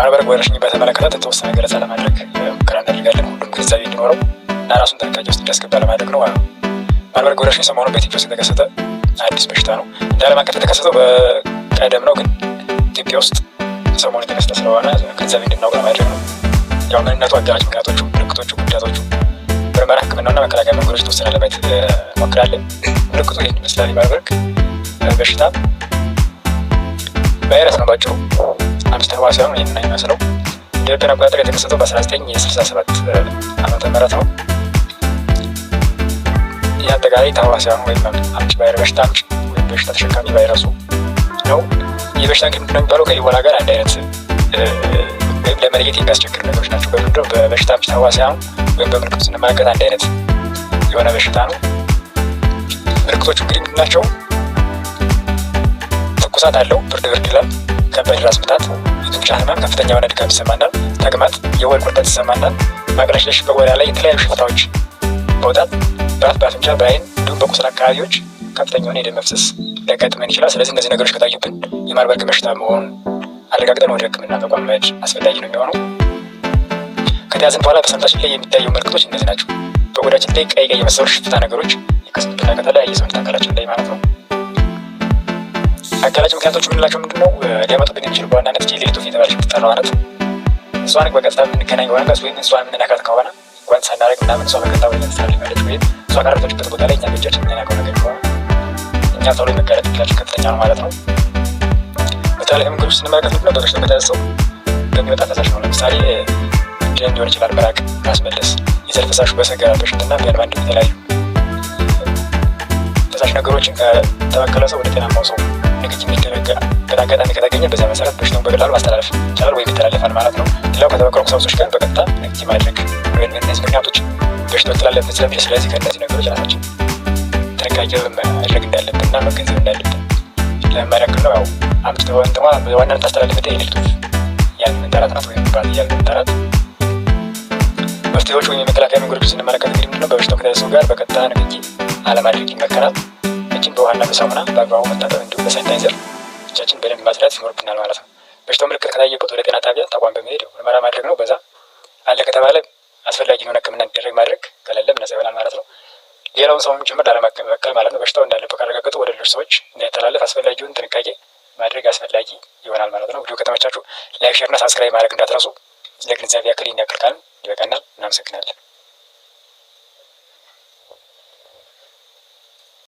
ማህበረ ወረርሽኝ በተመለከተ የተወሰነ ገለጻ ለማድረግ ሙከራ እናደርጋለን። ሁሉም ግንዛቤ እንዲኖረው እና ራሱን ጥንቃቄ ውስጥ እንዲያስገባ ለማድረግ ነው። ማህበረ ወረርሽኝ ሰሞኑን በኢትዮጵያ ውስጥ የተከሰተ አዲስ በሽታ ነው። እንደ ዓለም አቀፍ የተከሰተው በቀደም ነው፣ ግን ኢትዮጵያ ውስጥ ሰሞኑን የተከሰተ ስለሆነ ግንዛቤ እንድናውቅ ለማድረግ ነው። ያው ምንነቱ፣ አጋላጭ ምክንያቶቹ፣ ምልክቶቹ፣ ጉዳቶቹ፣ ምርመራ፣ ሕክምናና መከላከያ መንገዶች የተወሰነ ለማየት ሞክራለን። ምልክቱ ይህን ይመስላል። ማህበረ በሽታ ቫይረስ ነው ባጭሩ አምስተርዋ ሲሆን ይህን የሚመስለው እንደ አቆጣጠር የተከሰተው በ1967 ዓመተ ምህረት ነው። ይህ አጠቃላይ ታዋ ሲሆን ወይም አምጪ ቫይረስ በሽታ አምጪ ወይም በሽታ ተሸካሚ ቫይረሱ ነው። ይህ በሽታ እንግዲህ ምንድነው የሚባለው ከኢቦላ ጋር አንድ አይነት ወይም ለመለየት የሚያስቸግር ነገሮች ናቸው። በምንድነው በበሽታ አምጪ ተህዋሲያን ወይም በምልክቱ ስንመለከት አንድ አይነት የሆነ በሽታ ነው። ምልክቶቹ እንግዲህ ምንድን ናቸው? ትኩሳት አለው፣ ብርድ ብርድ ይላል ከባድ ራስ ምታት፣ የትንሽ ህመም፣ ከፍተኛ የሆነ ድካም ይሰማናል። ተቅማጥ፣ የሆድ ቁርጠት ይሰማናል። ማቅለሽለሽ፣ በቆዳ ላይ የተለያዩ ሽፍታዎች በውጣት፣ በአፍ በአፍንጫ፣ በአይን እንዲሁም በቁስል አካባቢዎች ከፍተኛ የሆነ የደም መፍሰስ ሊያጋጥመን ይችላል። ስለዚህ እነዚህ ነገሮች ከታዩብን የማርበርግ በሽታ መሆኑን አረጋግጠን ወደ ህክምና ተቋም መሄድ አስፈላጊ ነው የሚሆነው። ከተያዝን በኋላ በሰውነታችን ላይ የሚታየው ምልክቶች እነዚህ ናቸው። በቆዳችን ላይ ቀይ ቀይ የመሰሉ ሽፍታ ነገሮች ይከሰቱብናል ከተለያየ ሰውነት አካላችን ላይ ማለት ነው። አጋላጭ ምክንያቶች የምንላቸው ምንድን ነው? ሊያመጡብን የሚችሉ በዋናነት ሌሊት ወፍ የተባለች የምትጠራው አናት እሷን በቀጥታ የምንገናኝ ከሆነ ወይም እሷን የምንነካት ከሆነ እንኳን ሳናደርግ ምናምን እሷ በቀጥታ ወይ ትሳልፋለች ወይም እሷ ካረፈችበት ቦታ ላይ እኛ በእጃችን የምንነካው ነገር ከሆነ እኛ ተብሎ የመጋለጥ ዕድላችን ከፍተኛ ነው ማለት ነው። በተለያዩ ምግቦች ስንመለከት ምንድን ነው በበሽታ በተያዘው በሚወጣ ፈሳሽ ነው። ለምሳሌ ደም ሊሆን ይችላል፣ መራቅ፣ ማስመለስ፣ የዘር ፈሳሹ በሰገራ በሽትና በእንባ እንዲሁም የተለያዩ ፈሳሽ ነገሮችን ከተበከለ ሰው ወደ ጤናማው ሰው ንክች የሚደረግበት ከተገኘ መሰረት በቀላሉ ማስተላለፍ ይቻላል ወይም ይተላለፋል ማለት ነው። ሌላው ቁሳቁሶች ጋር በቀጥታ ማድረግ ወይም እነዚህ ምክንያቶች በሽታው ይተላለፍበት ስለሚችል ስለዚህ ከእነዚህ ነገሮች ራሳችን ጥንቃቄ ማድረግ መገንዘብ እንዳለብን ለመረክል ነው። ያው ናት ወይም መፍትሄዎች ወይም የመከላከያ መንገዶች ስንመለከት እንግዲህ ምንድነው በበሽታው ከተያዘ ሰው ጋር በቀጥታ ንክኪ አለማድረግ ይመከራል። እጃችን በውሃና በሳሙና በአግባቡ መታጠብ እንዲሁም በሳኒታይዘር እጃችን በደንብ ማጽዳት ይኖርብናል ማለት ነው። በሽታው ምልክት ከታየበት ወደ ጤና ጣቢያ ተቋም በመሄድ ምርመራ ማድረግ ነው። በዛ አለ ከተባለ አስፈላጊ የሆነ ሕክምና እንዲደረግ ማድረግ ከሌለም ነጻ ይሆናል ማለት ነው። ሌላውን ሰውም ጭምር ላለመበከል ማለት ነው። በሽታው እንዳለበት ካረጋገጡ ወደ ሌሎች ሰዎች እንዳይተላለፍ አስፈላጊውን ጥንቃቄ ማድረግ አስፈላጊ ይሆናል ማለት ነው። ቪዲዮ ከተመቻችሁ ላይክ፣ ሼርና ሳብስክራይብ ማድረግ እንዳትረሱ። ለግንዛቤ ያክል ይህን ያክል ካልን ይበቃናል። እናመሰግናለን።